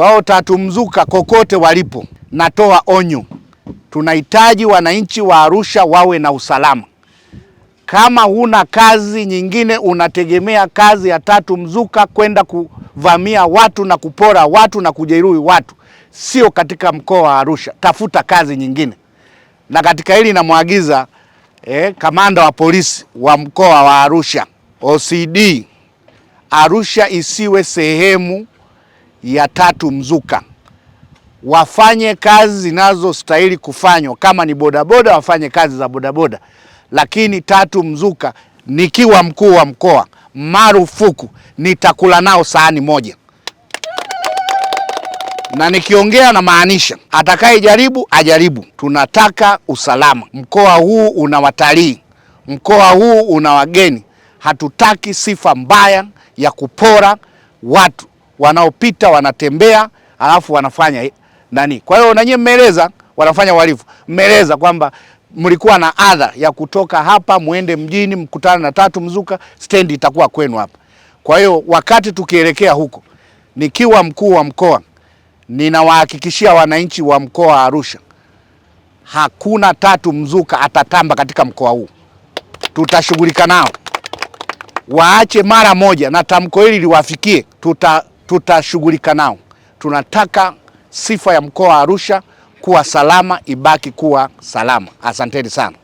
Kwa hiyo Tatu Mzuka, kokote walipo, natoa onyo, tunahitaji wananchi wa Arusha wawe na usalama. Kama huna kazi nyingine, unategemea kazi ya Tatu Mzuka kwenda kuvamia watu na kupora watu na kujeruhi watu, sio katika mkoa wa Arusha. Tafuta kazi nyingine, na katika hili namwagiza eh, kamanda wa polisi wa mkoa wa Arusha, OCD, Arusha isiwe sehemu ya tatu mzuka, wafanye kazi zinazostahili kufanywa. Kama ni bodaboda wafanye kazi za bodaboda, lakini tatu mzuka, nikiwa mkuu wa mkoa, marufuku, nitakula nao sahani moja na nikiongea na maanisha, atakayejaribu ajaribu. Tunataka usalama. Mkoa huu una watalii, mkoa huu una wageni. Hatutaki sifa mbaya ya kupora watu wanaopita wanatembea, alafu wanafanya nani. Kwa hiyo nanyi mmeeleza, wanafanya uhalifu, mmeeleza kwamba mlikuwa na adha ya kutoka hapa muende mjini, mkutane na Tatu Mzuka, stendi itakuwa kwenu hapa. Kwa hiyo wakati tukielekea huko, nikiwa mkuu wa mkoa, ninawahakikishia wananchi wa mkoa wa Arusha hakuna Tatu Mzuka atatamba katika mkoa huu, tutashughulika nao. Waache mara moja, na tamko hili liwafikie, tuta tutashughulika nao. Tunataka sifa ya mkoa wa Arusha kuwa salama ibaki kuwa salama. Asanteni sana.